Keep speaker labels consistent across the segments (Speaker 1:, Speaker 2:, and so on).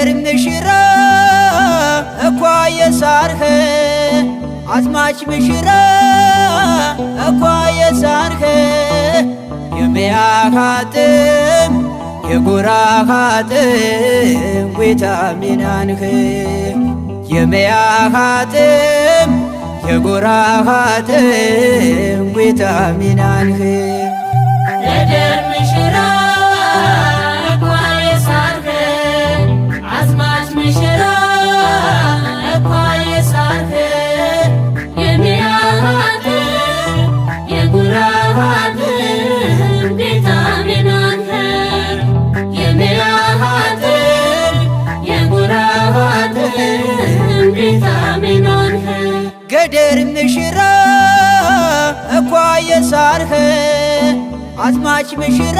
Speaker 1: ሀገር ምሽራ እኳ የሳርኸ አዝማች ምሽራ እኳ የሳርኸ የመያ ኻጥም የጉራ ኻጥም ዊታሚናንኸ የመያ ኻጥም የጎራ ኻጥም ዊታሚናንኸ ከደር ምሽራ እኳ የሳርህ አዝማች ምሽራ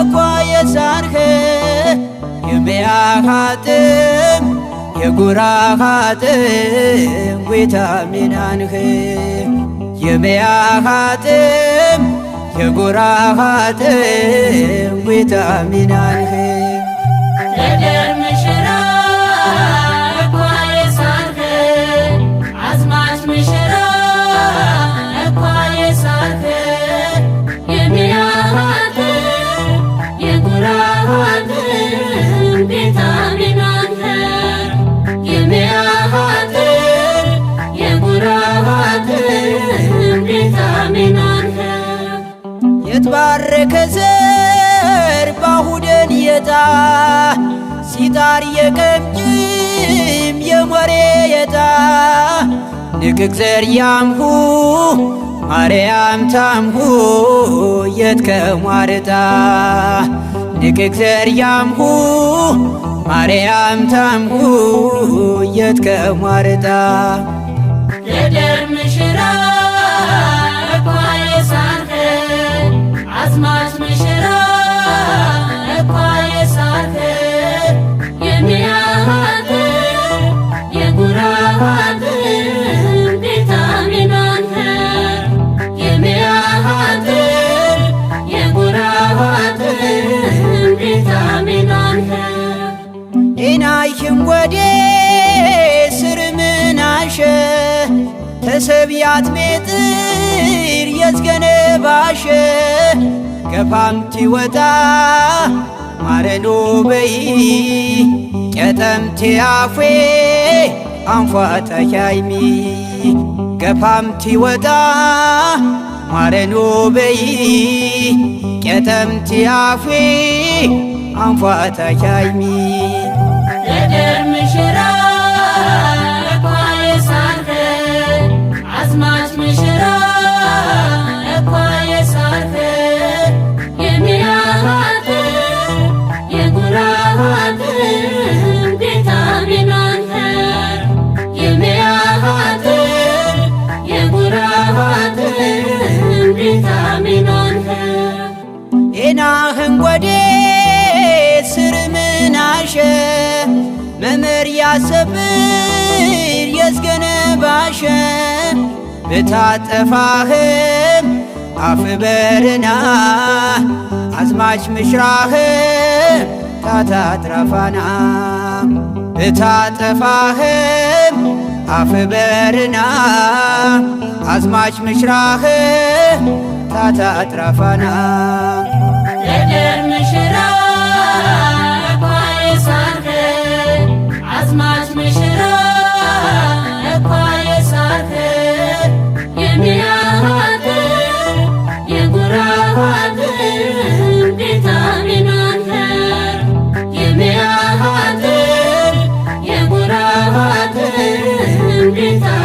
Speaker 1: እኳ የሳርህ የመያ ኻጥም የጉራ ኻጥም ዊታሚናንኸ የመያ ኻጥም የጉራ ኻጥም ዊታሚናንኸ ባረከ ዘር ባሁደን የታ ሲጣር የቀምጭም የሞሬ የታ ንክክ ዘር ያምሁ ማርያም ታምሁ የትከሟርታ ንክክ ዘር ያምሁ ማርያም ታምሁ የትከሟርታ የደር ምሽራ ይሽንጎዴ ስር ምናሸ ተሰብያት ሜጥር ገፋምቲ ወጣ ማረኖ በይ ቄጠምቲ አፌ ገፋምቲ ወጣ ማረኖ በይ ቄጠምቲ አፌ አንፏተ ታምኖንህ ኤናህን ጐዴ ስር ምናሸ መምህር ያሰብር የዝገነባሸ ብታጠፋህም አፍ በርና አዝማች ምሽራህ ታታጥራፋና ብታጠፋህም አፍ በርና አዝማች ምሽራህ ታታ አጥራፋና Every time.